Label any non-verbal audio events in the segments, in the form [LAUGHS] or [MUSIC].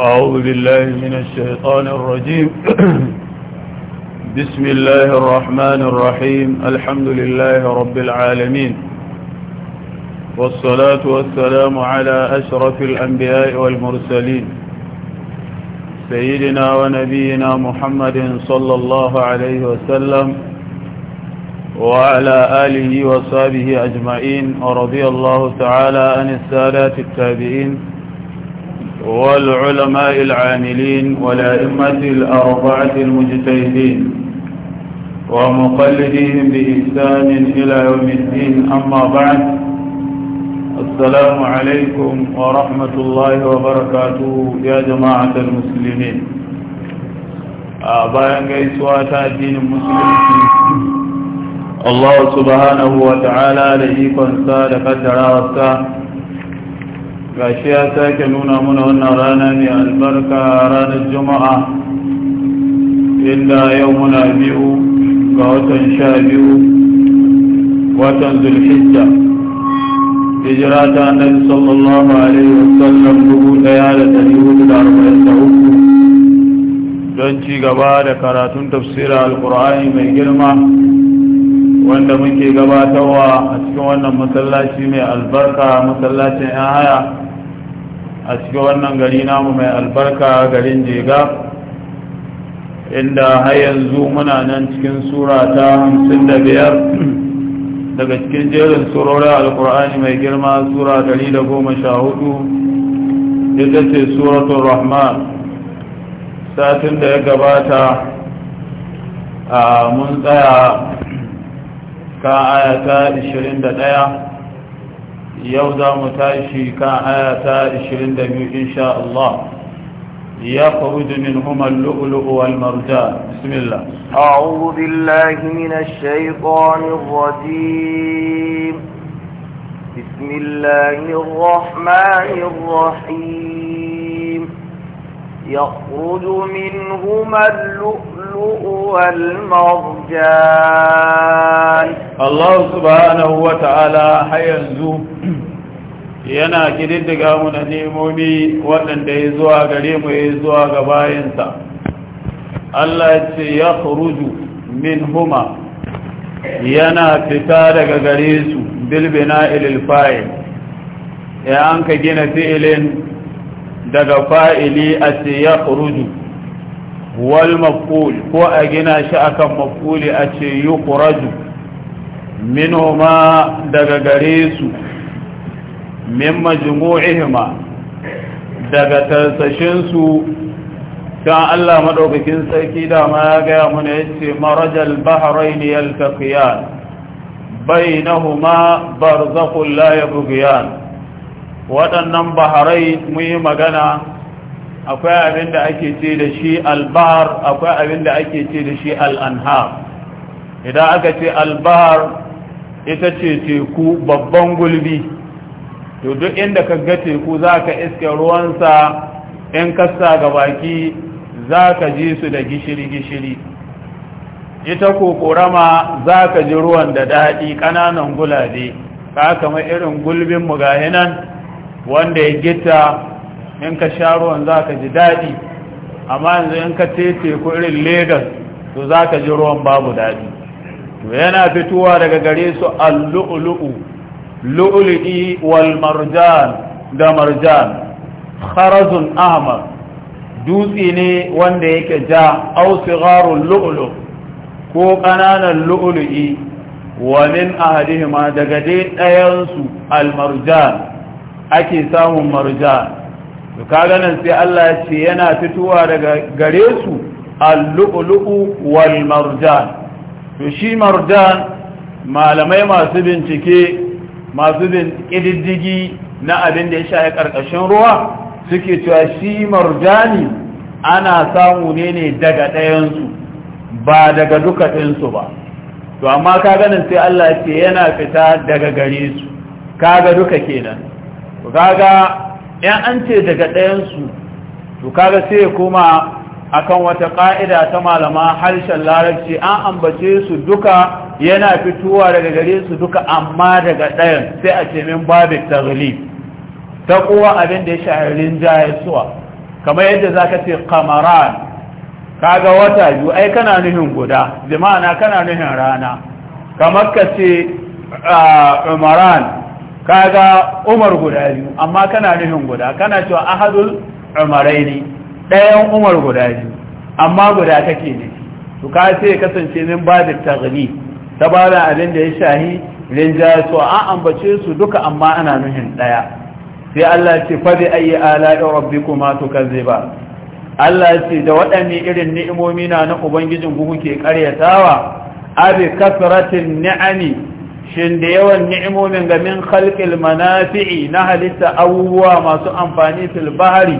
أعوذ بالله من الشيطان الرجيم [CLEARS THROAT] بسم الله الرحمن الرحيم الحمد لله رب العالمين والصلاة والسلام على أشرف الأنبياء والمرسلين سيدنا ونبينا محمد صلى الله عليه وسلم وعلى آله وصحبه أجمعين ورضي الله تعالى عن السادات التابعين والعلماء العاملين والأئمة الأربعة المجتهدين ومقلديهم بإحسان إلى يوم الدين أما بعد السلام عليكم ورحمة الله وبركاته يا جماعة المسلمين أبايان قيسوا تاتين المسلمين الله سبحانه وتعالى لإيقا سالك تراوسا gashi ya sake nuna muna wannan rana ne albarka ranar juma'a inda yau muna biyu ga watan sha biyu watan zulhijja hijira ta annabi sallallahu alaihi wasallam dubu daya da dari hudu da arba'in da uku don ci gaba da karatun tafsira alkur'ani mai girma wanda muke gabatarwa a cikin wannan masallaci mai albarka masallacin 'yan haya a cikin wannan gari namu mai albarka garin jega inda har yanzu muna nan cikin sura ta hamsin da biyar daga cikin jerin surorin alkur'ani mai girma sura dari da goma sha hudu ita ce suratun rahman satin da ya gabata a mun tsaya ka ayata 21 yau متائشي mu tashi kan aya إن شاء الله يخرج منهما اللؤلؤ والمرجان بسم الله أعوذ بالله من الشيطان الرجيم بسم الله الرحمن الرحيم يخرج منهما اللؤلؤ اللؤلؤ والمرجان الله سبحانه وتعالى حينزو yana kididdiga muna nemomi waɗanda ya zuwa gare mu ya zuwa ga bayansa Allah ce ya kuruju min huma yana fita daga gare su bilbina ilil fa'il ya an ka gina fi'ilin daga fa'ili a ce ya wal maf'ul ko a gina shi akan maf'uli a ce yukhraju minhuma daga gare su min majmu'ihima daga tarsashin su kan Allah maɗaukakin sarki dama ya gaya mana yace marajal bahrayn yaltaqiyan bainahuma barzakhun la yabghiyan waɗannan baharai mun yi magana akwai abin da ake ce da shi albar akwai abin da ake ce da shi al'anhar idan aka ce albar ita ce teku babban gulbi to duk inda ka ga teku za ka iske ruwansa in kasa ga baki za ka ji su da gishiri-gishiri ita ko korama za ka ji ruwan da daɗi ƙananan gulade ka kama irin gulbin mugahinan wanda ya gita in ka sha ruwan za ka ji daɗi amma yanzu in ka tete irin legas to za ka ji ruwan babu daɗi to yana fitowa daga gare su allu'u'lu'u lu'u'li'i lu'lu'i wal marjan da marjan kharazun ahmar dutse ne wanda yake ja au sigharul ko ƙananan lu'u'lu'i wani min ahadihima daga dai ɗayansu almarjan ake samun marjan to kaga nan sai Allah ya ce yana fitowa daga gare su al-lu'lu'u wal marjan to shi marjan malamai masu bincike masu bin ƙididdigi na abin da ya sha karkashin ƙarƙashin ruwa suke cewa shi marjani ana samu ne ne daga ɗayansu ba daga duka ɗinsu ba to amma ka ganin sai Allah ce yana fita daga gare su kaga duka kenan kaga ya an ce daga ɗayansu to kaga sai kuma akan wata ƙa'ida ta malama harshen larabci an ambace su duka yana fitowa daga gare su duka amma daga ɗayan sai a ce min ta taglib ta kowa abin da ya shaharin jayasuwa kamar yadda za ka ce kamaran kaga wata biyu ai kana nuhin guda bi ma'ana kana nuhin rana kamar ka ce umaran ah, kaga umar guda biyu amma kana nufin guda kana cewa ahadul umarai ne ɗayan umar guda biyu amma guda kake ne to ka ce kasance min babin taghni ta bada abin da ya shahi rinja su a ambace su duka amma ana nufin ɗaya sai Allah ce fa bi ayi ala'i rabbikuma tukazziba Allah ce da waɗanne irin ni'imomi na na ubangijin ku kuke karyatawa? abi kasratin ni'ami shin da yawan ni'imomin ga min khalqil manafi'i na halitta abubuwa masu amfani fil bahari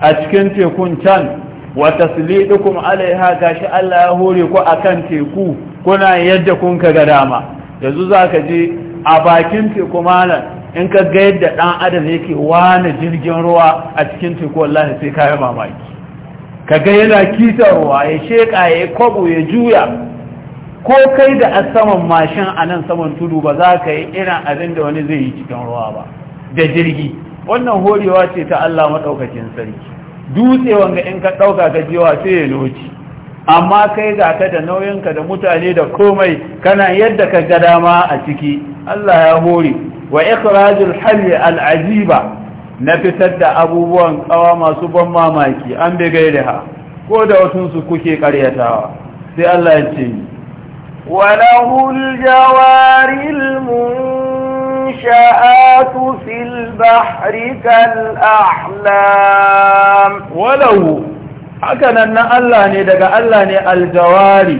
a cikin tekun can wa taslidukum alaiha gashi Allah ya hore ku akan teku kuna yadda kun ka ga dama yanzu zaka je a bakin teku malam in ka ga yadda dan adam yake wani jirgin ruwa a cikin teku wallahi sai ka yi mamaki ka ga yana ruwa ya sheka ya kwabo ya juya ko kai da a saman mashin a nan saman tudu ba za ka yi irin abin da wani zai yi cikin ruwa ba da jirgi wannan horewa ce ta Allah maɗaukakin sarki dutse wanga in ka ɗauka ka jewa sai ya noci amma kai ga ka da nauyinka da mutane da komai kana yadda ka ga dama a ciki Allah ya hore wa ikhrajul halli al aziba na fitar da abubuwan kawa masu ban mamaki an bi gairaha ko da wasu su kuke karyatawa sai Allah ya ce ni وله الجوار المنشآت في البحر كالأحلام وله هكذا أن الله ندق الله الجواري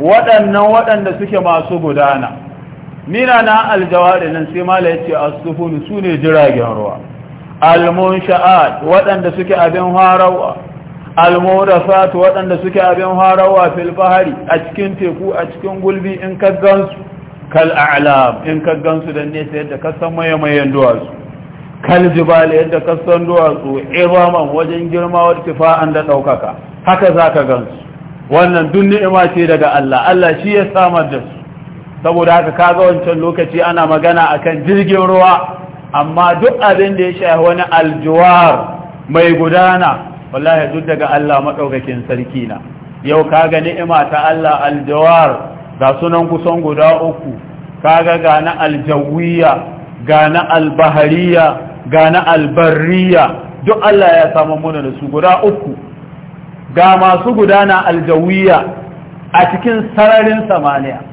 وأن waɗanda سكي ما gudana. mina na aljawari nan sai mala ya ce asufun su ne jiragen ruwa almunsha'at waɗanda suke abin harawa almurasatu waɗanda suke abin harawa fil bahari a cikin teku a cikin gulbi in ka gansu kal a'lam in ka gansu da nesa yadda ka san mayan duwatsu kal jibal yadda ka san duwatsu wajen girma wa tifa'an da ɗaukaka haka za ka gansu wannan duk ni'ima ce daga Allah Allah shi ya samar da su saboda haka kaga wancan lokaci ana magana akan jirgin ruwa amma duk abin da ya shafi wani aljuwar mai gudana wallahi duk daga Allah madaukakin sarki na yau kaga ni'ima ta Allah aljawar ga sunan kusan guda uku kaga ga na aljawiya ga na albahariya ga na albarriya duk Allah ya samu muna da su guda uku ga masu gudana aljawiya a cikin sararin samaniya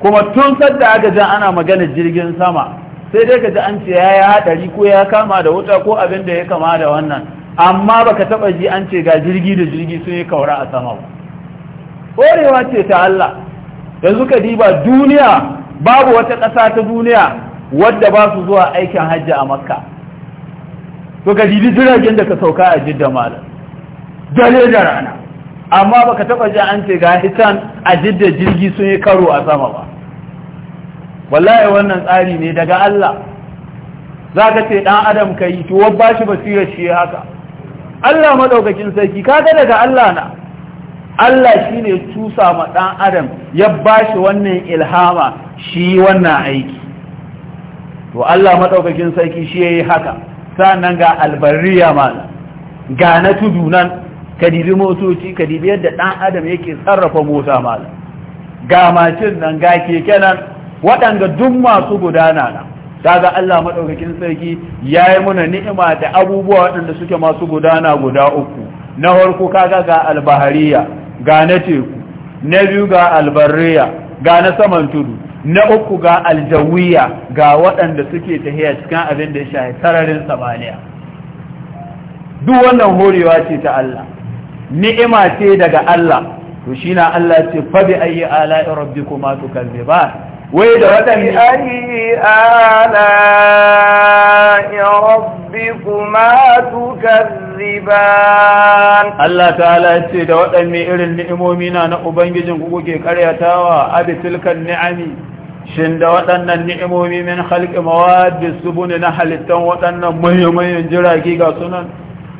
kuma tun sadda aka ji ana magana jirgin sama sai dai ka ji an ce ya yi haɗari ko ya kama da wuta ko abin da ya kama da wannan amma baka taɓa ji an ce ga jirgi da jirgi sun yi kaura a sama ba, korewa ce ta Allah yanzu ka diba duniya babu wata ƙasa ta duniya wadda ba su zuwa aikin hajji a makka to ka dibi jiragen da ka sauka a jidda malam dare da rana amma baka taɓa ji an ce ga hitan a jidda jirgi sun yi karo a sama ba wallahi wannan tsari ne daga Allah za ka ce ɗan adam ka yi to ba shi basirar shi haka Allah maɗaukakin sarki ka ga daga Allah na Allah shi ne tusa ma ɗan adam ya ba shi wannan ilhama shi wannan aiki to Allah maɗaukakin sarki shi ya yi haka sannan ga albariya ma ga na tudu nan kadibi motoci kadibi yadda ɗan adam yake sarrafa mota ma ga macin nan ga keke nan waɗanda duk masu gudana na. kaga Allah madaukakin sarki yayi muna ni'ima da abubuwa waɗanda suke masu gudana guda uku na farko kaga ga albahariya ga na teku na biyu ga albarriya ga na saman tudu na uku ga aljawiya ga waɗanda suke tahiya cikin abin da ya shafi sararin samaniya duk wannan horewa ce ta Allah ni'ima ce daga Allah to shi na Allah ce fa bi ayi ala'i rabbikuma tukazziban wai da waɗanne ayi ala rabbikuma tukazziban Allah ta'ala ce da waɗanne irin ni'imomi na na ubangijin ku kuke karyatawa abi tilkan ni'ami shin da waɗannan ni'imomi min khalqi mawad subun na halittan waɗannan muhimman jirage ga sunan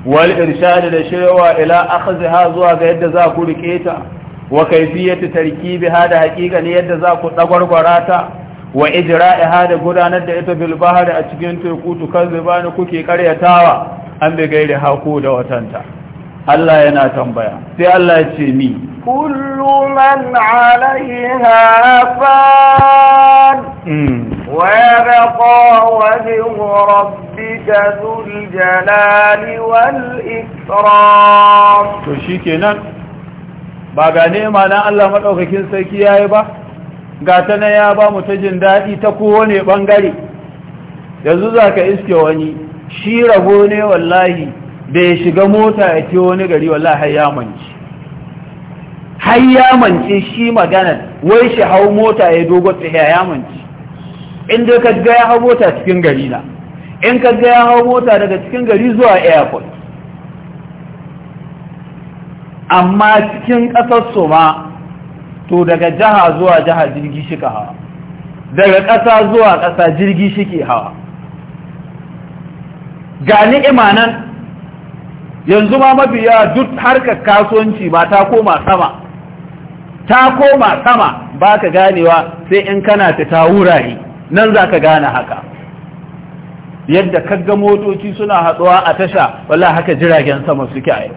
wal irshadi da shirwa ila akhzaha zuwa ga yadda za ku rike ta wa kaifiyatu tarkibi hada haqiqa ne yadda za ku dagwargwara ta wa ijra'i da gudanar da ita bil bahri a cikin teku tukazzibani kuke karyatawa an bi gairi hako da watanta Allah yana tambaya sai Allah ya ce ni kullu man 'alayha fan hmm. rabbika وجه jalali wal ikram to shikenan ba ga nema na Allah maɗaukakin sarki ya yi ba ga ta na ya ba mu ta jin daɗi ta kowane ɓangare yanzu za ka iske wani shi rago ne wallahi da ya shiga mota ya ce wani gari wallahi har ya manci har ya manci shi maganar wai shi hau mota ya dogo tafiya ya manci in dai ka ga ya hau mota cikin gari na in ka ga ya hau mota daga cikin gari zuwa airport amma cikin ƙasar su ma to daga jiha zuwa jiha jirgi shika hawa daga ƙasa zuwa ƙasa jirgi shike hawa ga ni'ima nan yanzu ma mabiya duk harkar kasuwanci ba ta koma sama ta koma sama ba ka ganewa sai in kana ta wurare nan za ka gane haka yadda ga motoci suna hatsuwa a tasha wala haka jiragen sama suke a yau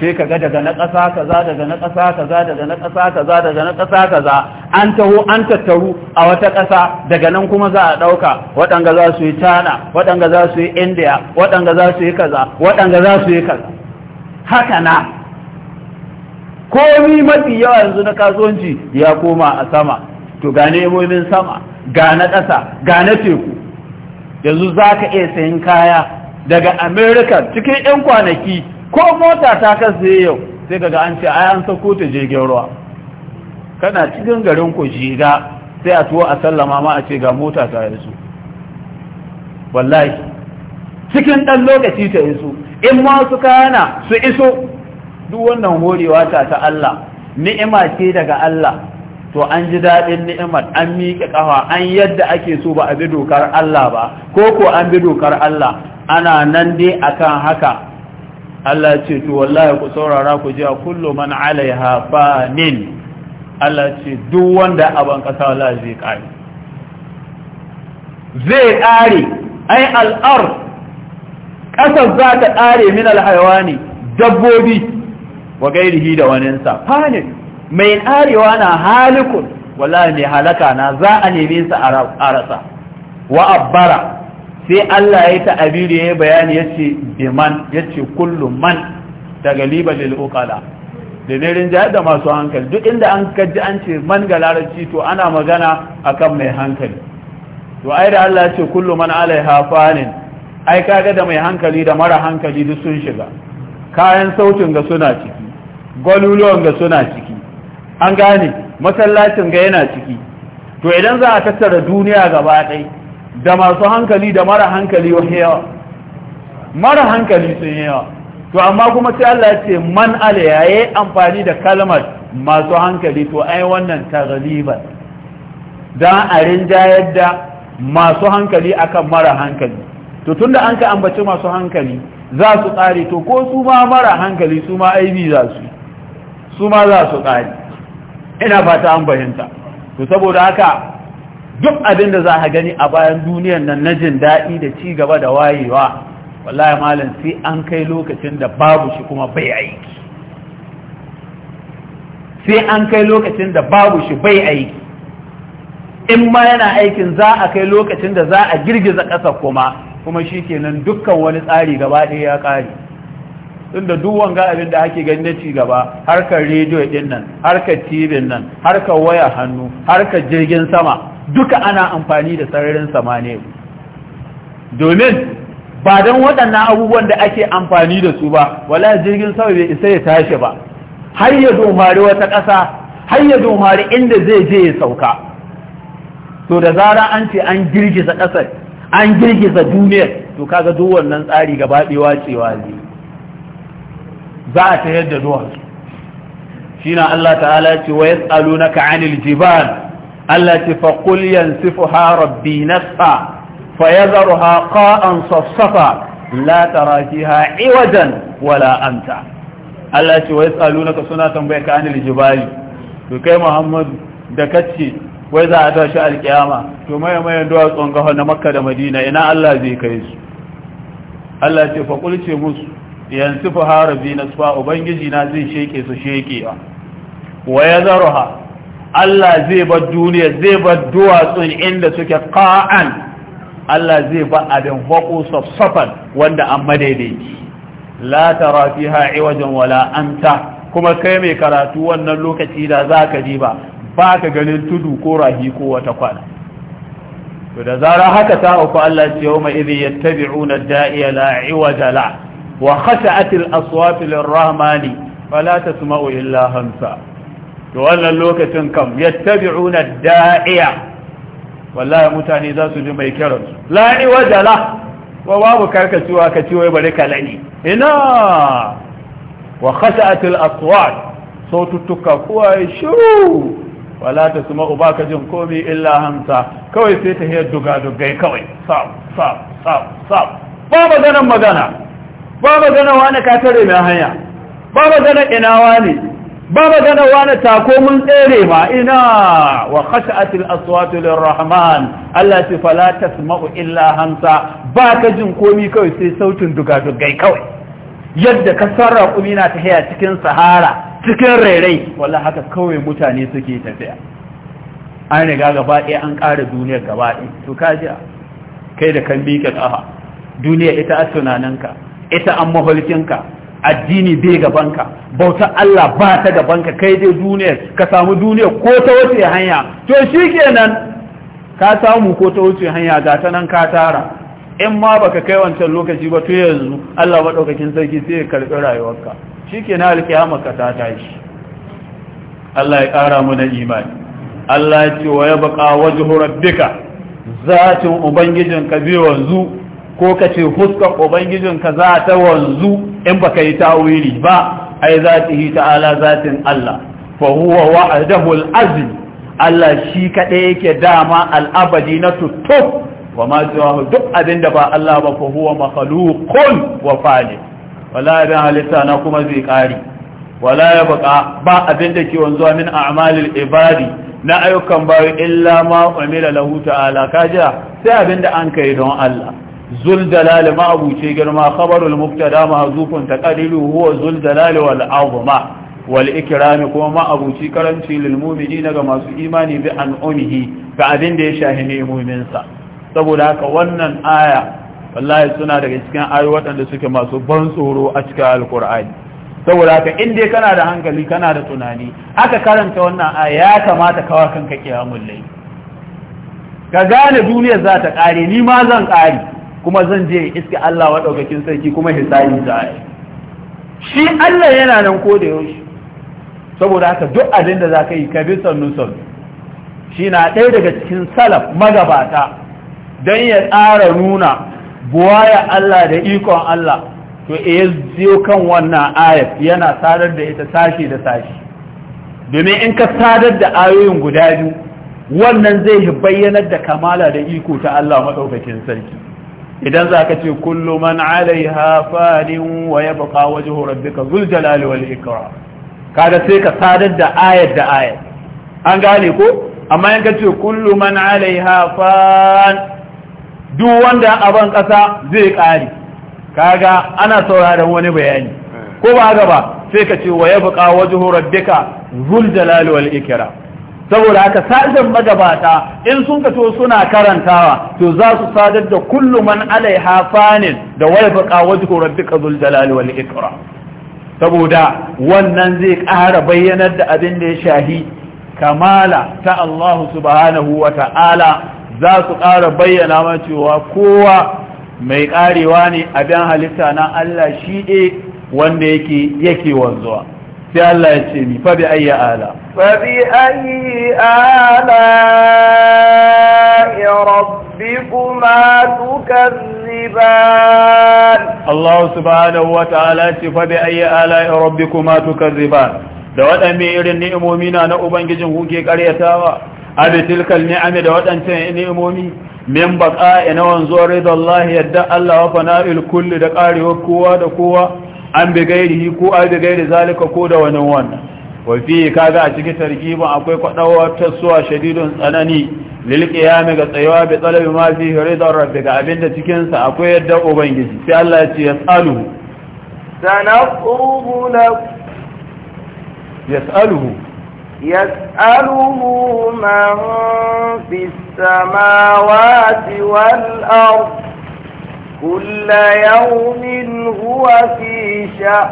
sai ka ga daga na ƙasa za daga na ƙasa za daga na ƙasa za daga na ƙasa za an taho an tattaru a wata ƙasa daga nan kuma za a ɗauka waɗanga za su yi tana waɗanga za su yi indiya waɗanga za su yi kaza waɗanga za su yi kaza haka na komi mafi yawa yanzu na kasuwanci ya koma a sama to ga nemomin sama ga na ƙasa ga na teku yanzu za ka iya sayan kaya daga america cikin 'yan kwanaki ko mota ta kasa yau sai kaga an ce ayan sauko ta jirgin ruwa kana cikin garin ku jiga, sai a tuwo a sallama ma a ce ga mota ta su wallahi cikin ɗan lokaci ta isu in ma su kana su iso duk wannan horewa ta ta Allah ni'ima ce daga Allah to an ji daɗin ni'imar an miƙe ƙafa an yadda ake so ba a bi dokar Allah ba ko ko an bi dokar Allah ana nan dai akan haka Allah ce to wallahi ku saurara ku ji a kullu man alaiha fanin Allah ce duk wanda aban kasa wallahi zai kare zai kare ai al'ar kasar za ta kare min alhaiwani dabbobi wa gairihi da waninsa fanin mai karewa na halikun wallahi mai halaka na za a neme sa a rasa wa abbara sai Allah ya ta'abiri ya bayani ya ce biman ya ce kullum man daga liba lil da ne rinja da masu hankali duk inda an kaji an ce man ga larabci to ana magana akan mai hankali to ai da Allah ya ce kullum man alai fanin ai kaga da mai hankali da mara hankali duk sun shiga kayan sautin ga suna ciki gwaluluwan ga suna ciki an gane masallacin ga yana ciki to idan za a tattara duniya gaba ɗaya da masu hankali da mara hankali wani yawa mara hankali sun yawa to amma kuma sai Allah ya ce man ala yi amfani da kalmar masu hankali to ai wannan taghliban don a rinjayar da masu hankali akan mara hankali to tunda an ka ambaci masu hankali za su tsari to ko su ma mara hankali su ma aibi za su su ma za su tsari ina fata an fahimta to saboda haka duk abin da za ka gani a bayan duniyan nan na jin daɗi da ci gaba da wayewa wallahi malam sai an kai lokacin da babu shi kuma bai aiki sai an kai lokacin da babu shi bai aiki in ma yana aikin za a kai lokacin da za a girgiza ƙasa kuma kuma shi kenan dukkan wani tsari gaba ɗaya ya ƙare tunda duk wanga abin da ake gani na ci gaba harkar rediyo din nan harkar tv nan harkar waya hannu harkar jirgin sama duka ana amfani da sararin ne domin ba don waɗannan abubuwan da ake amfani da su ba wala jirgin sama bai isa ya tashi ba har ya domari wata ƙasa har ya domari inda zai je ya sauka to da zara an ce an girgiza ƙasar an girgiza duniyar to kaga duk wannan tsari gabaɗewa cewa ne za a ta yadda duwatsu shi na Allah ta'ala ce wa yas'alunaka 'anil jibal Allah ce yansifuha rabbi nasfa fayadharuha qa'an safsafa la tara fiha 'iwajan wala amta Allah ce wa yas'alunaka suna tambaye ka 'anil jibali to kai Muhammad da kace wai za a tashi alkiyama to maye maye duwatsun gaho na Makka da Madina ina Allah zai kai su Allah ce fa ce musu yanzu fi harabi na sufa ubangiji na zai sheke su shekewa wa ya zaruha Allah zai bar duniya zai bar duwatsun inda suke kaan Allah zai ba abin fako sassafan wanda an madaidaici la tara fiha iwajan wala anta kuma kai mai karatu wannan lokaci da zaka ji ba baka ganin tudu ko rahi ko wata kwana to da zarar haka ta uku Allah ce yau mai idhi yattabi'una da'iya la iwaja wa khasha'atil aswatu lirrahmani fala tasma'u illa hamsa to wannan lokacin kam yattabi'una da'iya wallahi mutane za su ji mai kiran su la iwaja la wa babu karkacewa ka ce wai bari kalani ina wa khasha'atil aswat saututtuka kowa ya shiru wala Tasmau suma ka jin komi illa hamsa kawai sai ta hiyar duga dugai kawai sab sab sab sab ba maganan magana ba magana wani ka tare mai hanya ba magana ina ne. ba magana wani tako mun tsere ma ina wa khashatil aswatu lirrahman Allah ce fala tasma'u illa hamsa ba ka jin komi kawai sai sautin dugadugai kawai yadda ka sarra kumina ta haya cikin sahara cikin rairai wallahi haka kawai mutane suke tafiya an riga gaba ɗaya an ƙara duniyar gaba ɗaya to ka kai da kan miƙe ƙafa duniya ita a tunaninka ita an ka addini bai gabanka bautar Allah ba ta ka, kai dai duniyar ka samu duniyar ko ta wuce hanya to shi kenan ka samu ko ta wuce hanya ga ta nan ka tara in ma baka kai wancan lokaci ba to yanzu Allah daukakin sarki sai ya karbi rayuwarka kenan alkiyama ka ta tashi Allah ya kara mu na imani Allah ya ce wa ya baka wajhu rabbika zatin ka bai wanzu ko ka ce fuskar ubangijinka za ta wanzu in baka yi tawili ba ai zatihi ta'ala zatin Allah fa huwa wa'adahu al-azim Allah shi kaɗai yake dama al'abadi na tuttu wa ma duk abin da ba Allah ba fa huwa makhluqun wa fali wala da halitta na kuma zai kare. wala ya baka ba abin da ke wanzuwa min a'malil ibadi na ayyukan bayu illa ma umila lahu ta'ala kaja sai abin da an kai don Allah zul dalal ma'abuce girma khabarul mubtada mahzufun taqdiru huwa zul dalal wal azma wal ikram kuma ma'abuci karanci lil mu'minina ga masu imani bi an umhi ga abin da ya shahine mu'min sa saboda haka wannan aya wallahi suna daga cikin ayoyi wadanda suke masu ban tsoro a cikin alqur'ani saboda haka in dai kana da hankali kana da tunani aka karanta wannan aya ya kamata kawa kanka kiyamul layl ka gane duniyar za ta kare ni ma zan kare kuma zan je iska Allah wa daukakin sarki kuma hisabi za a yi shi Allah yana nan ko da yaushe saboda haka duk abin da za ka yi ka bi sannu sannu shi na ɗaya daga cikin salaf magabata don ya tsara nuna buwaya Allah da ikon Allah to iya eh, ziyo kan wannan ayat yana sadar da ita sashi da sashi domin in ka sadar da ayoyin guda biyu wannan zai bayyanar da kamala da iko ta Allah maɗaukakin sarki idan za ka ce kullu man alaiha fadin wa ya baka waje rabbika zul jalali wal ikra kada sai ka sadar da ayat da ayat an gane ko amma yanka ce kullu man alaiha fan duk wanda abin kasa zai kare kaga ana sauraron wani bayani ko ba gaba ba sai ka ce wa ya baka waje rabbika zul jalali wal ikra saboda haka sashen magabata in sun fito suna karantawa to za su sadar da kullu man alaiha fanin da waifaqa wajhu rabbika dhul jalali wal ikram saboda wannan zai ƙara bayyanar da abin da ya shahi kamala ta Allah subhanahu wa ta'ala za su ƙara bayyana ma cewa kowa mai ƙarewa ne abin halitta na Allah shi ɗe wanda yake yake wanzuwa sai Allah ya ce mi fabi ayi ala fabi ayi ala ya rabbikuma tukazziban Allah subhanahu wa ta'ala ce fabi ayi ala ya rabbikuma tukazziban da waɗanne irin ni'imomi na na ubangijin kuke karyatawa abi tilkal ni'ami da waɗancan ni'imomi min baqa nawan wanzuwar ridallahi yadda Allah wa fana'il kulli da karewar kowa da kowa an bi gairihi ko an bi gairi zalika ko da wani wannan wafi kaga a cikin targibin akwai kwadawar tasuwa shadidun tsanani lil qiyam ga tsayawa bi talabi ma fi ridar rabbi ga abinda cikin sa akwai yadda ubangiji sai Allah ya ce yasalu sanaqrubu lak yasaluhu yasaluhu man fis samawati wal ardh كل يوم هو في شأن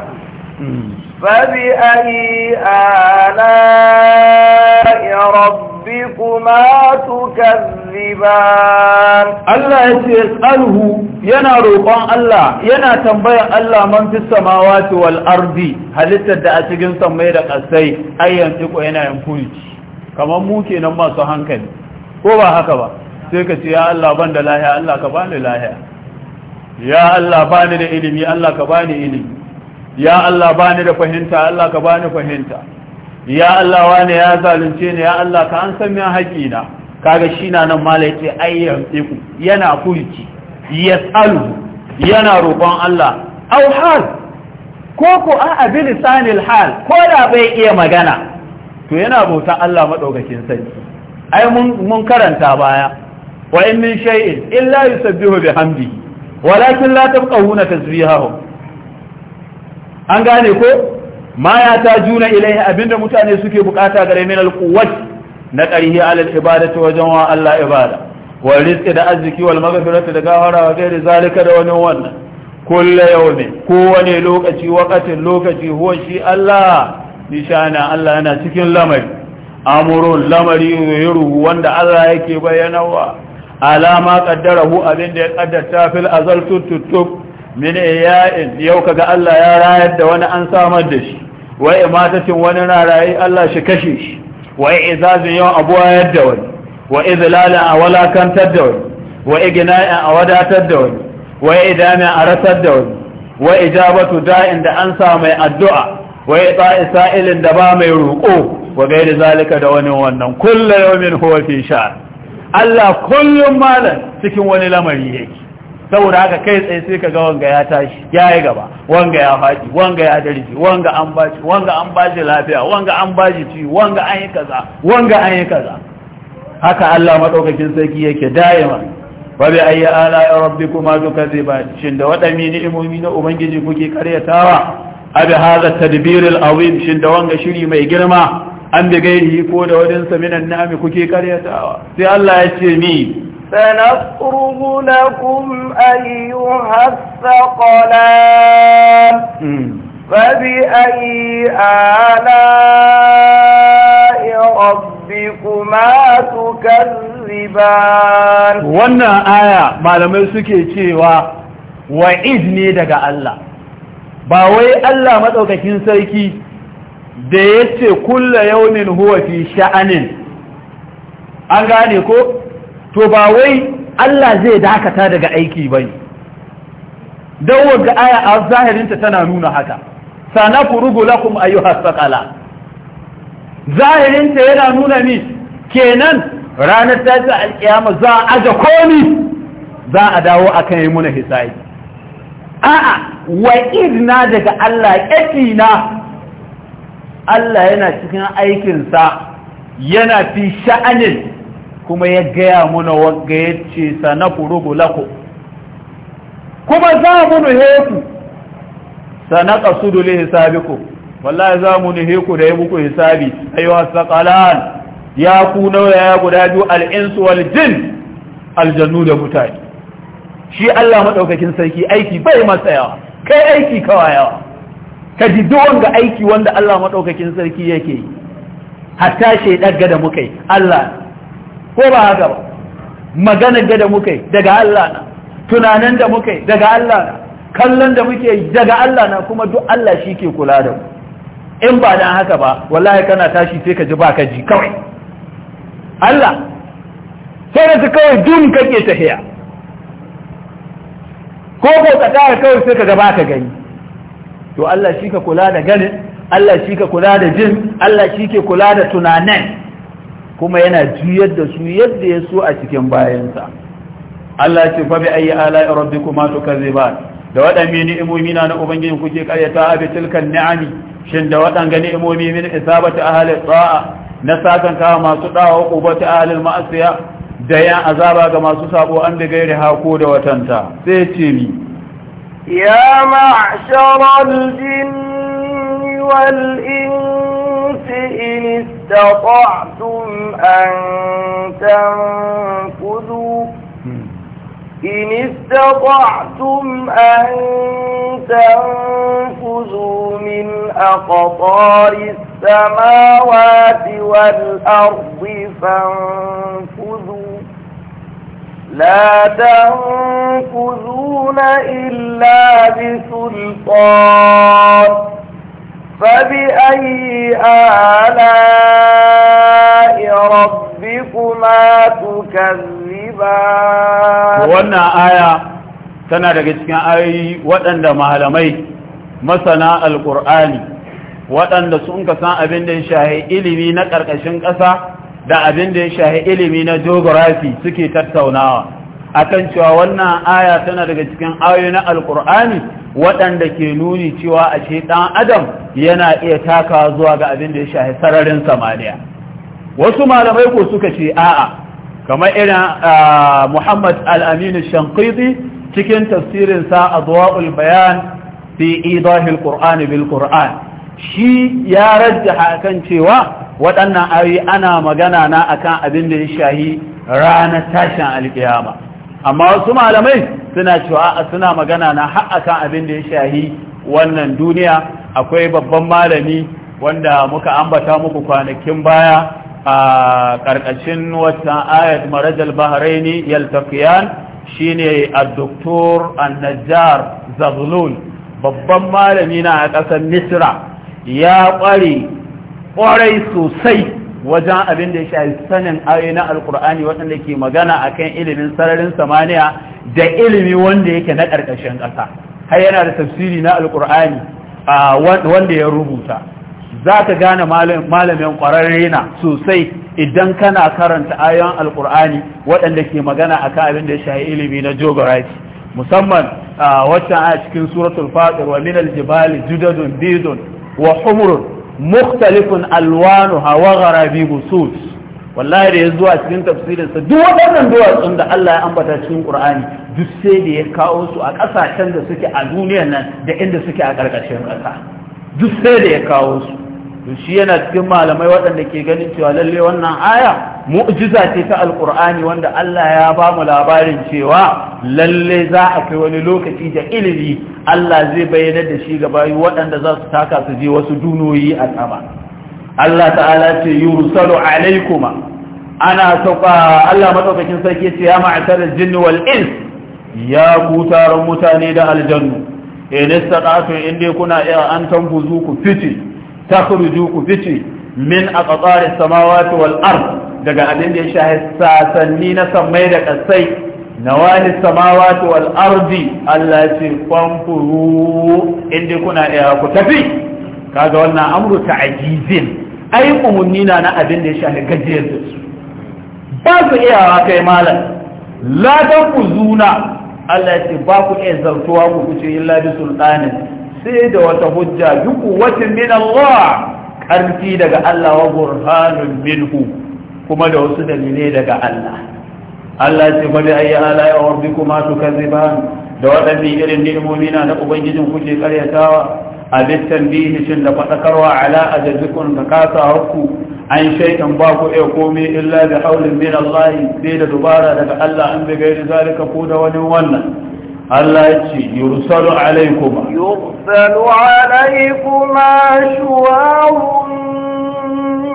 فبأي آلاء ربكما تكذبان الله يسأله yana roƙon Allah yana tambaya Allah man fi samawati wal ardi halittar da a cikin sammai da ƙasai ayyan tiko yana yankuni kamar mu kenan masu hankali ko ba haka ba sai ka ce ya Allah ban da lahiya Allah ka bani lahiya ya Allah bani da ilimi Allah ka bani ilimi ya Allah bani da fahimta Allah ka bani fahimta ya Allah ne, ya zalunce ni ya Allah ka an san min haƙina kaga shi na nan mala yace ayyan ku yana kulki yasalu yana roƙon Allah au hal ko ko a sanil hal ko da bai iya magana to yana bauta Allah madaukakin sani ai mun mun karanta baya wa in min shay'in illa yusabbihu bihamdihi walakin la tafqahuna tasbihahum an gane ko ma ya ta juna ilaihi abinda mutane suke bukata gare min alquwwat na ƙarhi alal ibadati wajen wa Allah ibada wa rizqi da arziki wal maghfirati da gafara wa gairi zalika da wani wannan kullu yawmin kowane lokaci waqatin lokaci huwa shi Allah nishana Allah yana cikin lamari amurun lamari yuhiru wanda Allah yake wa? alama qaddarahu abin da ya qaddarta fil azal tututub min iya'in yau kaga Allah ya rayar da wani an samar da shi wa imatatin wani rarayi Allah shi kashe shi wa izazin yau wayar da wani wa izlalan a walakantar da wani wa igna'in a wadatar da wani wa idamin a rasar da wani wa ijabatu da'in da an sa mai addu'a wa ita sa'ilin da ba mai roƙo wa gairi zalika da wani wannan kullu yawmin huwa fi sha'an. Allah kullum malam cikin wani lamari yake saboda haka kai tsaye sai ka ga wanga ya tashi ya yi gaba wanga ya faɗi wanga ya darje wanga an baci wanga an baci lafiya wanga an baci ci wanga an yi kaza wanga an yi kaza haka Allah madaukakin sarki yake da'ima wa bi ayyi ala rabbikuma tukaziba shin da ni ni'imomi na ubangiji kuke karyatawa abi hadha tadbiril awim shin da wanga shiri mai girma an bi gairi ko da wajen saminan na'ami kuke karyatawa sai Allah ya ce ni sanafrugu lakum ayyuhas saqalan hmm. ayi ala ربكما تكذبان wannan aya malamai suke cewa wa'id ne daga Allah ba wai Allah matsaukakin sarki da yace ce kulla yaumin huwa fi sha'anin an gane ko to ba wai Allah zai dakata daga aiki ba ne don ga aya a zahirinta tana nuna haka sana furugu lakum ayyuha saqala zahirinta yana nuna ni kenan ranar tashi alkiyama za a aje komi za a dawo akan yi muna hisabi a'a wa idna daga Allah ƙafina Allah yana cikin aikinsa yana fi sha'anin kuma ya gaya muna wagga ya ce sana furugu lako kuma za mu nuhe ku sana kasudu li hisabiku wallahi za mu nuhe ku da ya muku hisabi ayyuha saqalan ya ku nauya ya guda biyu al-insu wal jin aljannu da mutane shi Allah madaukakin sarki aiki bai matsayawa kai aiki kawai yawa ka ji duwan ga aiki wanda Allah maɗaukakin sarki yake yi hatta shi ga da muka yi Allah ko ba haka ba maganar gada da muka yi daga Allah na tunanin da muka yi daga Allah na kallon da muke yi daga Allah na kuma duk Allah shi ke kula da mu in ba dan haka ba wallahi kana tashi sai ka ji ba ka ji kawai Allah sai da kawai dun kake tahiya ko ko ka kawai sai ka ga ba ka gani to Allah shi ka kula da ganin Allah shi ka kula da jin Allah shi ke kula da tunanin kuma yana juyar da su yadda ya so a cikin bayansa Allah ce fa bi ayi ala rabbikuma tukazziban da ni ni'imomi na na ubangiji kuke karyata abi tilkan ni'ami shin da wadanne ni'imomi min isabati ahli ta'a na sakan kawa masu dawa ubati ahli ma'asiya da ya azaba ga masu sabo an da gairi hako da watanta sai ce ni يا معشر الجن والإنس إن استطعتم أن تنفذوا إن استطعتم أن تنفذوا من أقطار السماوات والأرض فانفذوا لا تنفذون إلا بسلطان فبأي آلاء ربكما تكذبان وانا آية tana daga cikin ayoyi waɗanda malamai masana alƙur'ani waɗanda sun ka san abin da ya shahi ilimi na ƙarƙashin ƙasa da abin da ya shahi ilimi na geography suke tattaunawa akan cewa wannan aya tana daga cikin ayoyi na alkur'ani waɗanda ke nuni cewa a ce ɗan adam yana iya takawa zuwa ga abin da ya shahi sararin samaniya wasu malamai ko suka ce a'a kamar irin muhammad al-aminu cikin tafsirinsa a zuwa'ul bayan fi idahil qur'ani bil qur'an shi ya rajjaha akan cewa waɗannan ayoyi ana magana na akan abin da ya shahi ranar tashin alkiyama amma wasu malamai suna cewa suna magana na har akan abin da ya shahi wannan duniya akwai babban malami wanda muka ambata muku kwanakin baya a ƙarƙashin wata ayat marajal bahraini yaltaqiyan shine ad doktor an-najjar zaglul babban malami na a ƙasar misra ya ƙware Kwarai sosai wajen abin da ya shafi sanin ayoyi na alkur'ani waɗanda ke magana akan ilimin sararin samaniya da ilimi wanda yake na ƙarƙashin ƙasa har yana da tafsiri na alkur'ani wanda ya rubuta za ka gane malamin ƙwararre na sosai idan kana karanta ayoyin alkur'ani waɗanda ke magana akan abin da ya shayi ilimi na geography musamman waccan a cikin suratul fatir wa min aljibali judadun bidun wa humurun mukhtalifun alwanu hawa gharabi sud wallahi da ya zuwa cikin tafsirinsa duk waɗannan duwatsun da Allah ya ambata cikin Qur'ani duk sai da ya kawo su a ƙasashen da suke a duniyar nan da inda suke a ƙarƙashin ƙasa duk sai da ya kawo su to shi yana cikin malamai waɗanda ke ganin cewa lalle wannan aya mu'jiza ce ta alkur'ani wanda Allah ya ba mu labarin cewa lalle za a kai wani lokaci da ilimi Allah zai bayyana da shi ga bayu waɗanda za su taka su je wasu dunoyi a sama Allah ta'ala ce yursalu alaikuma ana sauka Allah madaukakin sarki ce ya ma'tarar jinni wal ins ya ku taron mutane da aljannu in istata'tum in dai kuna iya an tanfuzu ku fiti takhruju ku fice min aqtar samawati wal ard daga abin da ya shahi sasanni na samai da kasai nawali samawati wal ardi Allah ce fanfuru inda kuna iya ku tafi kaga wannan amru ta'jizin ai umurni na abin da ya shahi gajiyar ba su iyawa kai malam la ku zuna Allah ce ba ku iya zartuwa ku kuce illa bi sultanin sai da wata hujja duk wata min Allah karfi daga Allah wa burhanun minhu kuma da wasu dalilai daga Allah Allah ce fa bi ayi ala ya rabbikuma tukazziban da wadannan irin ni'imomi na da ubangijin kuke karyatawa a bittan bihi shin da fadakarwa ala ajazikum ka kasa hakku an shaitan ba ku iya komai illa bi haulin min Allah sai da dubara daga Allah an bi gairi zalika ko da wani wannan Allah ya ce yursalu alaikuma yursalu alaikuma shuwarun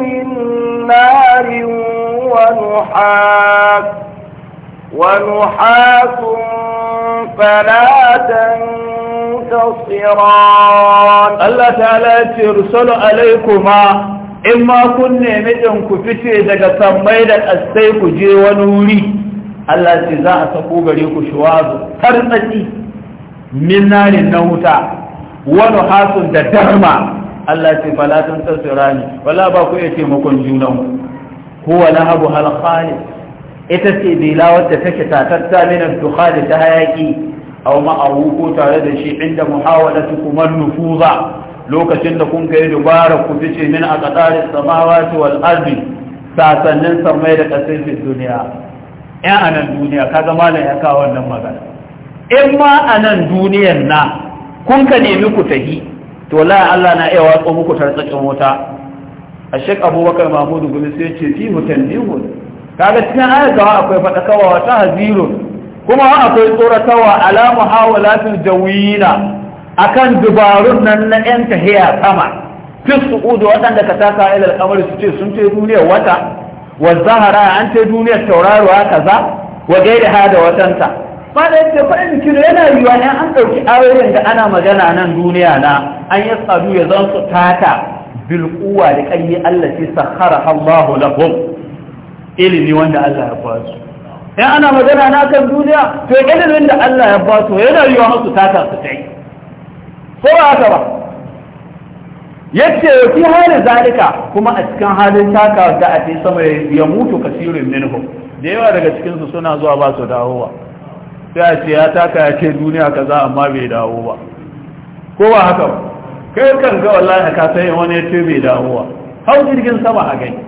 min narin wani nuhas wa nuhasun fala tantasirani Allah ta'ala ya ce yursalu ma, in ma kun nemi ku fice daga sammai da ƙasai ku je wani wuri Allah ce za a sako gare ku shuwazu tartsatsi min narin na wuta wani hasun da darma Allah ce fala tun tsasira ne wala ba ku iya taimakon junan ku wala abu halkhali ita ce dila wadda take tatatta min dukhali ta hayaki aw ma'ahu ko tare da shi inda muhawalatu kumar nufuza lokacin da kun kai dubara ku fice min a qadaris samawati wal ardi sasannin samai da kasai duniya ya a nan duniya kaga malam ya kawo wannan magana in ma anan duniyan na kun ka nemi ku tafi. to la Allah na iya watsa muku tartsakin wuta a shek abubakar mahmudu gumi sai ce fi mutannihu kaga cikin ayat gawa akwai fadakawa ta hazirun kuma wa akwai tsoratawa ala muhawalatin jawina akan dubarun nan na yan tahiya sama fi su'udu waɗanda ka taka ilal amr su ce sun ce duniyar wata wa an ce duniyar tauraruwa kaza wa gaida ha watanta fadai ce fadai bikin yana yiwa ne an ɗauki ayoyin da ana magana nan duniya na an yi tsadu ya zan su tata bilkuwa da ƙarfi Allah ce sahara Allahu ilimi wanda Allah ya ba su ana magana na kan duniya to da Allah ya ba su yana yiwa musu su ko ba ba yace wa fi hali zalika kuma a cikin halin taka da a ce sama ya mutu kasirin minhum da yawa daga cikin su suna zuwa ba su dawowa sai a ce ya taka ya ce duniya kaza amma bai dawo ba ko ba haka kai kan ga wallahi ka sai wani ya ce bai dawowa hau jirgin sama a gani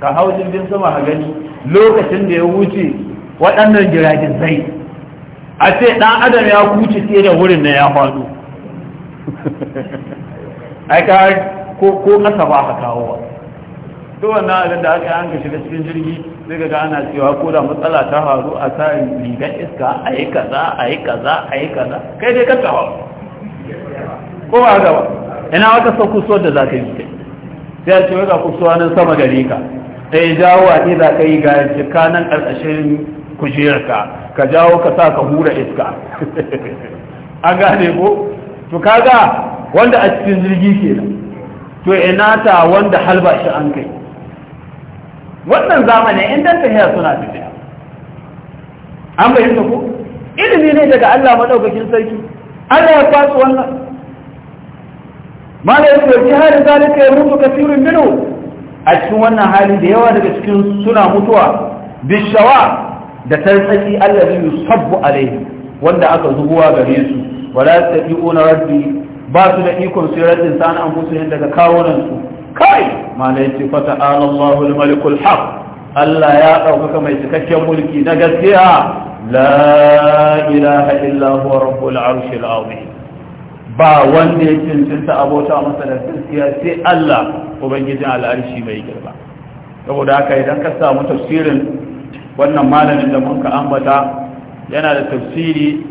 ka hau jirgin sama a gani lokacin da ya wuce waɗannan jiragen zai a ce ɗan adam ya kuce ce da wurin na ya faɗo [LAUGHS] ai ka ko ko ba a kawo ba duk wannan abin da aka yanka shiga cikin jirgi zai ga ana cewa ko da matsala ta faru a sa rigar iska a yi kaza a yi kaza a yi kaza kai dai kasa ba ko ba haka ba ina wata saukusuwar da za ka yi kai sai a cewa ga kusuwa nan sama gare ka sai jawo a ne za ka yi ga jika nan ƙarƙashin kujerka ka jawo ka sa ka hura iska [LAUGHS] an gane ko to kaga wanda a cikin jirgi ke kenan to ina ta wanda halba shi an kai wannan zamanin in dan tafiya suna tafiya an bayyana ko ilimi ne daga Allah madaukakin sarki Allah ya kwaso wannan mala yake ji har zalika ya mutu kafirun minhu a cikin wannan hali da yawa daga cikin suna mutuwa bishawa da tartsaki Allah ya yusabbu alaihi wanda aka zubuwa gare su wala tabi'una rabbi ba su da ikon su rajin sana an musu daga kawunan su kai malai ce fata alallahu al-malikul haq Allah ya ɗaukaka mai cikakken mulki na gaskiya la ilaha illa huwa rabbul arshil azim ba wanda ya cincinta abota masa da gaskiya sai Allah ubangijin al'arshi mai girma saboda haka idan ka samu tafsirin wannan malamin da muka ambata yana da tafsiri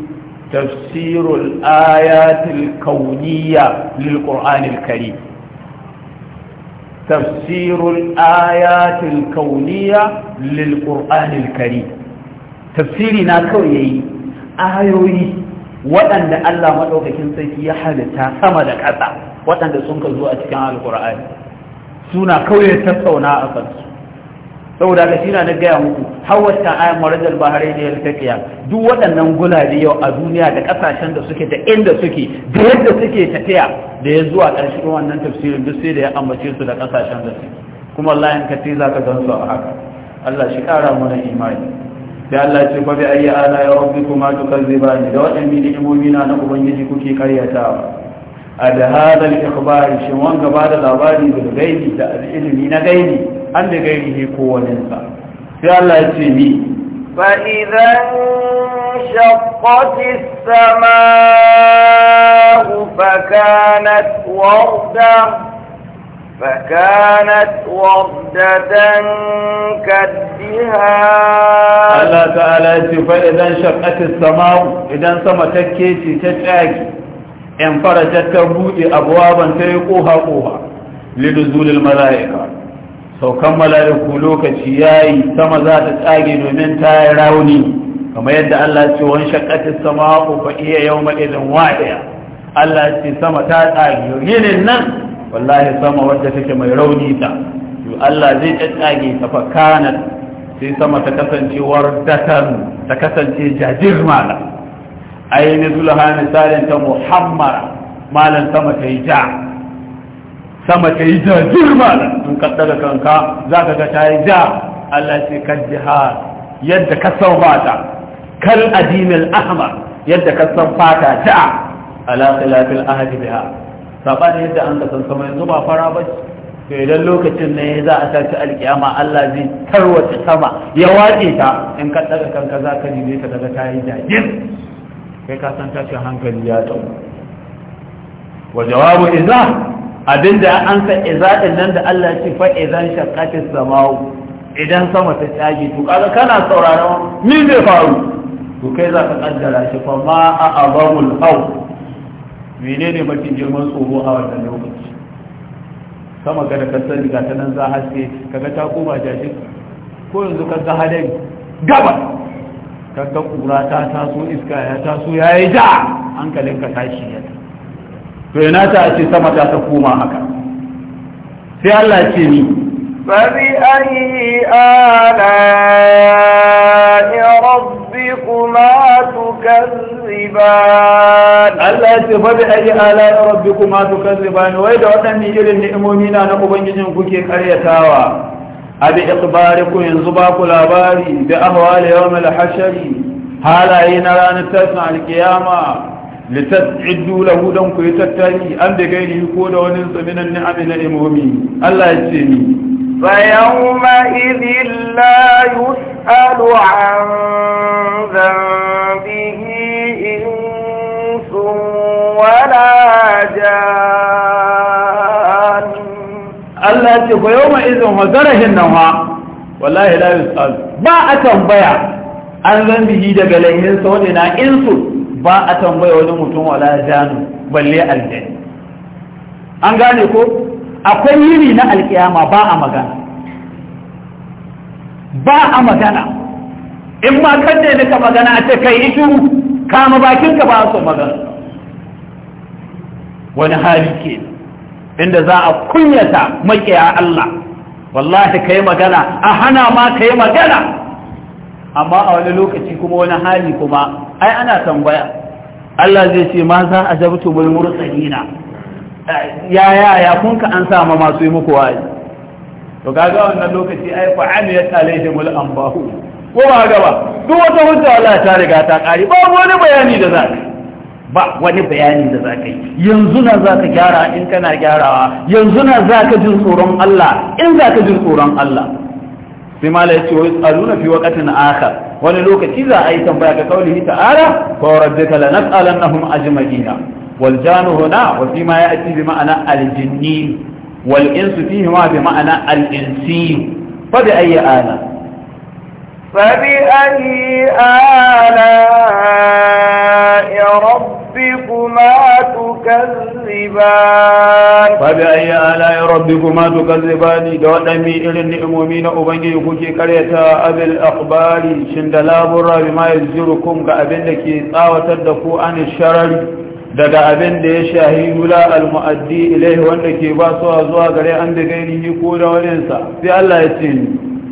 تفسير الآيات الكونية للقرآن الكريم تفسير الآيات الكونية للقرآن الكريم تفسيرنا كوي آيوي وأن الله مدعوك كنسيك يحدث سمد كذا وأن سنك زوء أتكان القرآن سنة كوي تفسونا أفرس saboda haka shi na na gaya muku hawata aya marajar bahari ne ta kiya duk waɗannan gulabe yau a duniya da ƙasashen da suke da inda suke da yadda suke tafiya da ya zuwa ƙarshen wannan tafsirin duk sai da ya ambace su da ƙasashen da suke kuma Allah in kace za ka gansu a haka Allah shi ƙara mana imani da Allah ce fa bi ayi ala ya rabbikuma tukazzibani da waɗannan ni'imomi na na ubangiji kuke karyata a da hadal ikhbari shin wanga ba da labari da gaibi da ilimi na gaibi an da gairihi ko waninsa sai Allah ya ce ni فإذا انشقت السماء فكانت وردة فكانت وردة كالدهاء الله تعالى فإذا انشقت السماء إذا سما تكيتي تتعاكي انفرجت تبوئي أبوابا تيقوها قوها لنزول الملائكة saukan mala'iku lokaci yayi sama za ta tsage domin ta yi rauni kamar yadda Allah ce wani shakkatin sama ku fa iya yau ma'izin waɗaya Allah ce sama ta tsage yinin nan wallahi sama wadda take mai rauni ta to Allah zai tsage ta fa kanat sai sama ta kasance wardatan ta kasance jajir malam ainihin zulha misalin ta muhammara malam sama ta yi ja sama ta yi ja jirma in ka daga kanka za ka ga ta yi ja Allah ce ka jihar yadda ka san fata kal adimil ahmar yadda ka san fata ta ala khilafil ahadi biha sabani yadda an ka san sama yanzu ba fara ba to idan lokacin ne za a tashi alkiyama Allah zai tarwata sama ya wace ta in ka daga kanka za ka ji ta daga ta yi jajir kai ka san tashin hankali ya tau wa jawabu iza abinda an sa izadin nan da Allah ce fa idan shaqqatis samau idan sama ta tsage to kaga kana sauraron me zai faru to kai za ka kaddara shi fa ma a abamul haw menene mafi girman tsoro a wannan lokaci sama ga da ka sani ga ta nan za haske kaga ta koma jajin ko yanzu ka ga hadari gaba kaga kura ta taso iska ya taso yayi da hankalinka tashi ya to yana ta ce sama ta ta koma haka sai Allah ce ni fabi ayi ala ya rabbi kuma tukazziban Allah ce fabi ayi ala ya rabbi kuma tukazziban wai da waɗannan irin ni'imomi na na ubangijin kuke karyatawa abi ikbarikum yanzu ba ku labari da ahwal yawm al-hashari halaye na ranar tashin alkiyama litaddu lahu dan ku tattaki an da gairi ko da wani saminan ni'ami na imomi Allah ya ce ni fa yawma idhil la yus'alu an dhanbihi insun wala jan Allah ya ce fa yawma idhin hazarahin nawa wallahi la yus'al ba a tambaya an zambihi daga laihinsa wadda na insu ba a tambaya wani mutum wala janu balle aljani an gane ko akwai yiri na alkiyama ba a magana ba a magana in ma kan ne ka magana a ce kai ishu kama ka ba su magana wani hali ke inda za a kunyata makiya Allah wallahi kai magana a hana ma kai magana amma a wani lokaci kuma wani hali kuma ai ana tambaya Allah zai ce ma za a jabtu bil mursalina ya ya ya kun ka an sama masu yi muku wa'azi to kaga wannan lokaci ai fa amiyat alaihimul anba'u ko ba gaba duk wata hujja Allah ta riga ta kare ba wani bayani da za ka ba wani bayani da za ka yi yanzu na za ka gyara in kana gyarawa yanzu na za ka jin tsoron Allah in za ka jin tsoron Allah sai mala yace wa yasaluna fi waqtin akhar wani lokaci za a yi tambaya ga kaulihi ta'ala fa rabbika lanas'alannahum ajma'ina wal janu huna wa fi ma ya'ti bi ma'ana al jinni wal insu fihi ma bi ma'ana al insi fa bi ayyi ala fa bi ayyi ala kuma tu تكذبان فبأي آلاء ربكما تكذبان دوأمي إلى المؤمنين أبنجي كوشي كرية أبي الأخبار شندلابر بما akbari كأبنك آوة الدفوع عن الشرر دغا ابن da ya shahi yula almuaddi ilai wanda ke basu zuwa gare an da gani ni ko da wurin sa Allah ya ce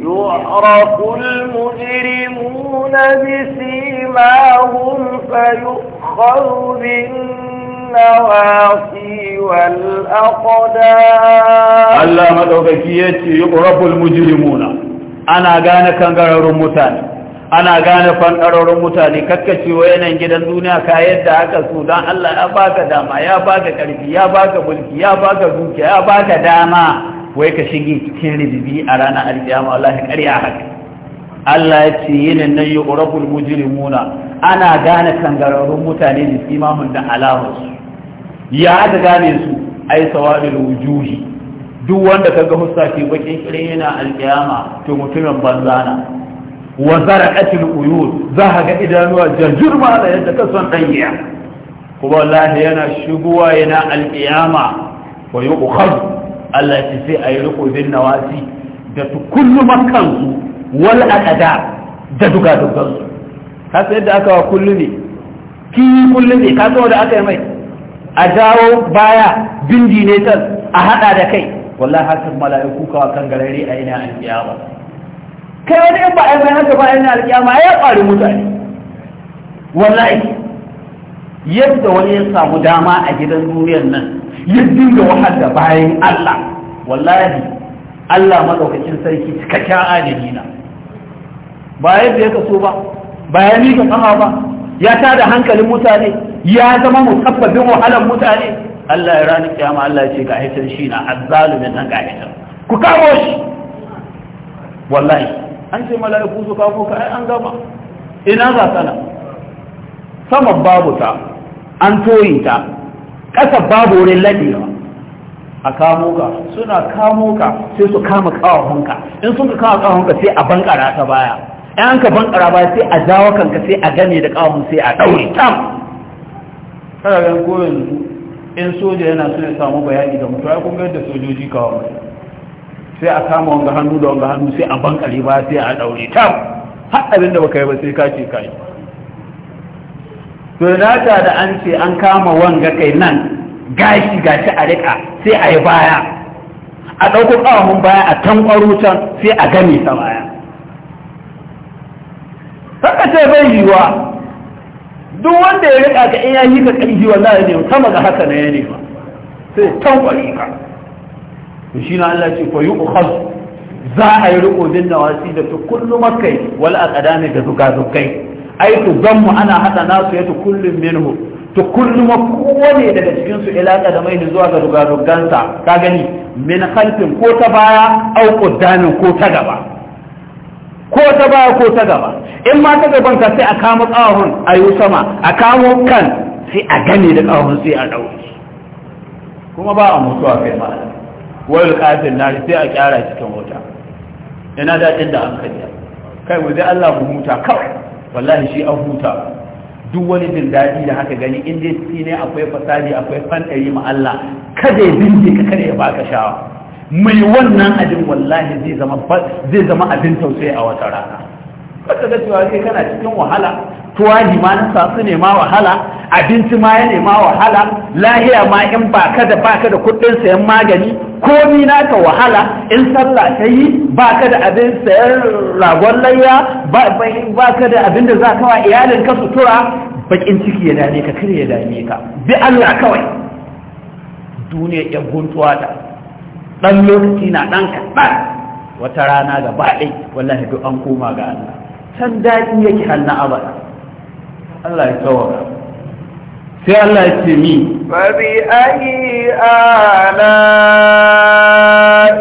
yu'raful mujrimuna bisimahum fayukhadhu النواصي والأقدام الله مدوكي يتي يقرب المجرمون أنا أغانا كنغرر متاني ana gane fanɗararrun mutane kakkace wa yanayin gidan duniya kayan da aka so don Allah ya baka dama ya baka ƙarfi ya baka mulki ya baka dukiya ya baka dama wai ka shiga cikin ribibi a ranar wallahi haka Allah ya ce yin nan yi mujirin muna ana gane kangararrun mutane da imamun da alawar ya aka gane su ai sawabil wujuhi duk wanda kaga hussa ke bakin kirin yana alkiyama to mutumin banza na, wa zaraqatil uyud za ga idanuwa jarjurma da yadda ka son dangiya kuma wallahi yana shigowa yana alkiyama wa yuqad Allah ya sai ayi ruku bin nawasi da kullu makansu wal aqada da duga dugan su ka sai da aka wa kullu ne ki kullu ne ka da aka yi mai a dawo baya bindi ne a hada da kai wallahi hakan mala'iku kawa kan garare a ina alƙiyama kai wani in ba a yi haka ba a alƙiyama ya ƙwari mutane wallahi yadda wani ya samu dama a gidan duniyar nan ya dinga wahal da bayan Allah wallahi Allah madaukakin sarki cikakken adalina ba yadda ya kaso ba ba ya mika sama ba ya tada hankalin mutane ya zama musabbabin wahalar mutane Allah ya rani kiyama Allah ya ce ga hitar shi na azzalumin nan ga hitar ku kawo shi wallahi an ce mala'iku su kawo ka ai an gama ina za sana sama babu ta an toyi ta ƙasa babu wurin ladewa a kamo ka suna kamo ka sai su kama hanka in sun ka kama hanka sai a bankara ta baya ɗan ka ban ƙaraba sai a jawo kanka sai a gane da ƙawon sai a ɗaure tam ƙararren koyon su, in soja yana so ya samu bayani da mutuwa kun yadda sojoji kawo sai a kama wanga hannu da wanga hannu sai a bankare ba sai a ɗaure tam har abin da baka yi ba sai ka ce yi. to na ta da an ce an kama wanga kai nan gashi gashi a riƙa sai a yi baya a ɗauko ƙawon baya a tankwaro can sai a gane ta baya ce bai yiwa duk wanda ya rika ka in ya yi ka ƙarfi wallahi ne sama ga haka na ya nema sai tankwari ka to shi na Allah ce ko yi ukhaz za a yi riko bin nawasi da ta kullu makai wal aqdami da zuka zukai ai to mu ana hada nasu ya ta kullum minhu to kullum kowane daga cikin su ilaka da mai zuwa ga dugadugansa ka gani min khalfin ko ta baya au quddamin ko ta gaba ko ta baya ko ta gaba in ma ta gaban ka sai a kama ƙahon a yi sama a kamo kan sai a gane da ƙahon sai a ɗauki kuma ba a mutuwa kai ma Wani kafin na sai a kyara cikin wuta yana daɗin da an kariya kai mu zai Allah mu huta kawai wallahi shi an huta duk wani jin daɗi da haka gani in dai ne akwai fasadi akwai fantari ma Allah kada ya bindika kada ya baka shawa mai wannan abin wallahi zai zama zai zama abin tausayi a wata rana kada da cewa kai kana cikin wahala tuwahi ma na sasu ne ma wahala abinci ma ya ma wahala lahiya ma in ka da ka da kuɗin sayan magani komi ka wahala in sallah ta yi ka da abin sayan ragon layya ba ka da abin da za ka wa iyalin ka sutura bakin ciki ya dame ka kare ya dame ka bi Allah kawai duniya ya guntuwa ta ɗan lokaci na ɗan kaɗan wata rana ga baɗi wallahi duk an koma ga Allah can daɗi yake hannu abada Allah ya tsawara sai Allah ya ce mi fabi ayi ala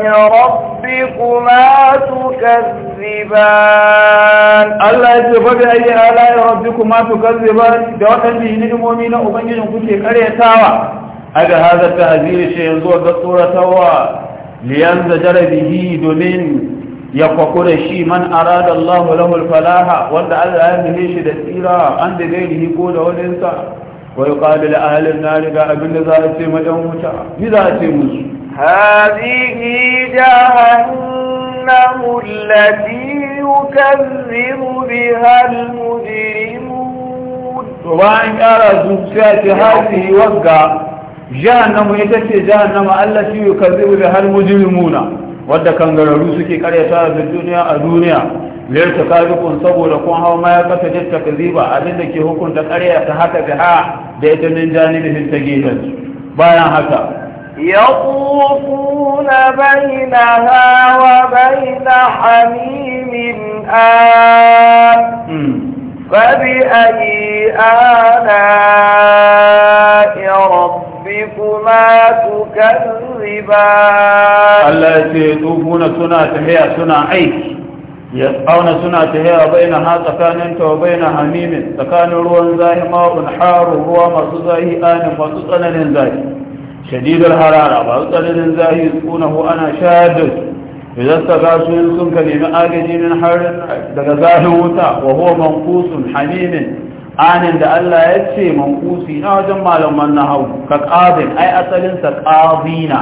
rabbikuma tukazziban Allah ya ce fabi ayi ala rabbikuma tukazziban da waɗanda yi ni'imomi na ubangijin kuke karyatawa aga haza tahzir shi yanzu ga tsoratawa liyan zajara bihi domin ya da shi man arada Allahu lahu falaha wanda Allah ya mihe shi da tsira an da gairihi ko da wani sa wa yuqabil ahli ga abin da za a ce majan wuta ni za a ce musu hadhihi jahannamu allati yukazzibu biha al-mujrimun to an kara zuciya ce hadhihi wagga jahannamu ita ce jahannama Allah shi yi da har mujrimuna wadda kangararru suke karyata a duniya a duniya liyar ta kun saboda kun hau ma ya kasa jitta kaziba abin da ke hukunta karya ta haka ha da ita min janibihin ta gefen bayan haka يطوفون بينها وبين حميم a فبأي آلاء rabu ربكما تكذبان الله يتوفون سنة تهيا سنة أيك يسعون سنة تهيا بينها تكان انت وبين حميم تكان روان زاهي ماء حار روى مصو زاهي آن مصو زاهي شديد الحرارة مصو زاهي يسكونه أنا شادد idan ta gasu yin sun ka nemi agaji min harin daga zahin wuta wa huwa mankusun hamimin anin da Allah ya ce mankusi na wajen malaman na hau ka ƙazin ai asalinsa ƙazina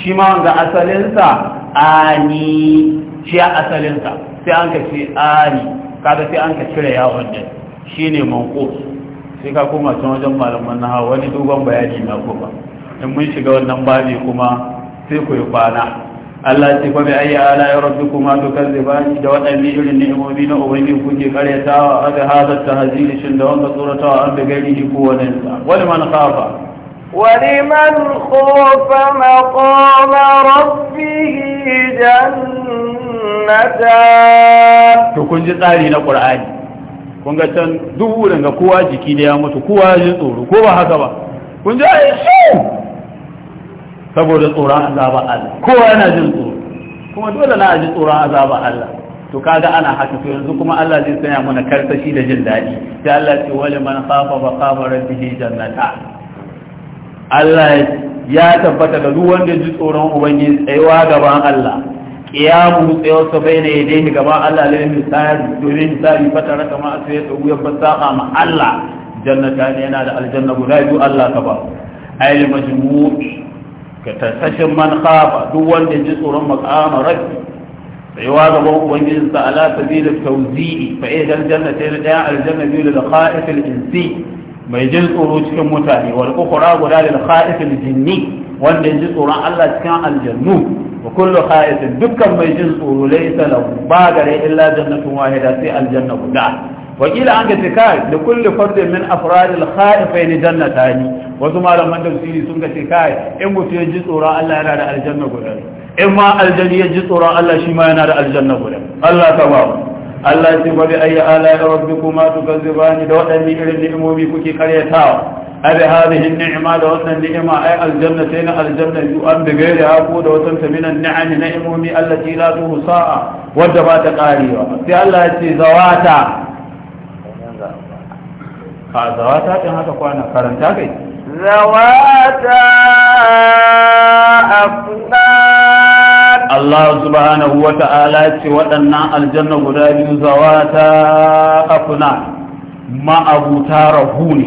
shi ma ga asalinsa ani shi a asalinsa sai an ka ce ani kada sai an ka cire yawon din shi ne mankus sai ka kuma can wajen malaman na hau wani dogon bayani na kuma in mun shiga wannan babi kuma sai ku yi kwana Allah ce fa bi ayi ala ya rabbikuma tukazzibani da wadanne irin ni'imomi na ubangi kuke karyatawa aga hada tahzili shin da wanda tsoratawa an da gari ko wannan sa wani man khafa ولمن خوف مقام ربه جنتان to kun ji tsari na Qur'ani kun ga can duk wurin ga kowa jiki da ya mutu kowa ji tsoro ko ba haka ba kun ji ayi saboda tsoron azaba Allah kowa yana jin tsoro kuma dole na ji tsoron azaba Allah to kaga ana haka to yanzu kuma Allah zai sanya mana karsashi da jin daɗi sai Allah ce wali man khafa khafa rabbihi jannata Allah ya tabbata ga duk wanda ji tsoron ubangiji tsayuwa gaban Allah qiyamu tsayuwa sa baina yadayhi gaban Allah lai misali domin misali fatara kama asai ta wuyar basaka ma Allah jannata ne yana da aljanna guda biyu Allah ka ba ayyul ka tasashin man khafa duk wanda ji tsoron maqama rabbi tsayuwa gaban ubangijin sa ala sabilit tawzi'i fa eh dal jannata ila da aljanna bi lil kha'if al insi mai jin tsoro cikin mutane wal ukhra guda lil kha'if al jinni wanda ji tsoron Allah cikin aljannu wa kullu kha'if dukkan mai jin tsoro laysa lahu ba gare illa jannatun wahida sai aljanna guda wakila an gace kai da kulli fardin min afradil khaifaini jannatani wasu malaman tafsiri sun gace kai in mutu ya ji tsoron Allah yana da aljanna guda in ma aljanni ya ji tsoron Allah shi ma yana da aljanna guda Allah ta ba Allah ya ce bari ayi ala rabbikuma tukazzibani da wadannan irin ni'imomi kuke karyatawa abi hadhihi an-ni'ma da wannan ni'ima ay aljanna sai na aljanna yu an da gairi hako da watan ta minan ni'ami na'imomi allati la tuhsa'a wadda ba ta karewa sai Allah ya ce zawata a zawata ɗin haka kwana karanta kai zawata afnan Allah subhanahu wa ta'ala ce waɗannan aljanna guda biyu zawata afnan ma'abuta rahu ne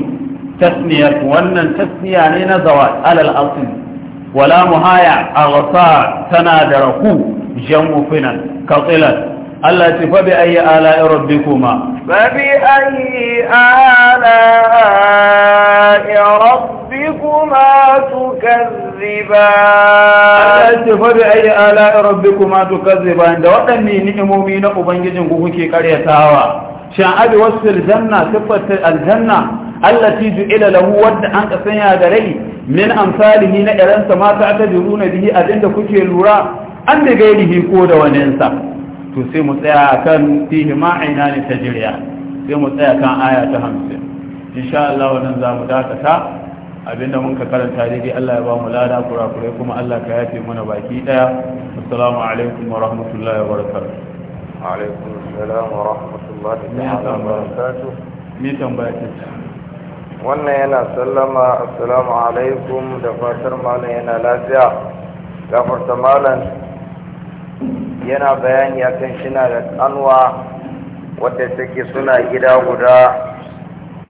tasniyar wannan tasniya ne na zawat alal asli wala muhaya aghsa tana da rahu jamu finan qatilan Allah ce fa bi ayi ala rabbikuma فبأي آلاء ربكما تكذبان أنت فبأي آلاء ربكما تكذبان ده وقني نعمومي نقبان جزن قوكي كريتاوا شان أبي وصف الجنة صفة الجنة التي جئل له ود أنك سنيا دري من أمثاله نئرنس ما تعتدرون به أدنك كي لورا أن غيره كود وننسى to sai mu tsaya kan fihi ma'ina ne ta jirya sai mu tsaya kan aya ta hamsin insha Allah wannan za mu dakata abinda mun ka karanta daidai Allah ya ba mu lada kurakurai kuma Allah ka yafe mana baki daya assalamu alaikum wa rahmatullahi wa barakatuh alaikum assalam wa rahmatullahi wa barakatuh ni tambaya ta wannan yana sallama assalamu alaikum da fatar malam yana lafiya gafarta malam yana bayani akan shina da kanwa wadda take suna gida guda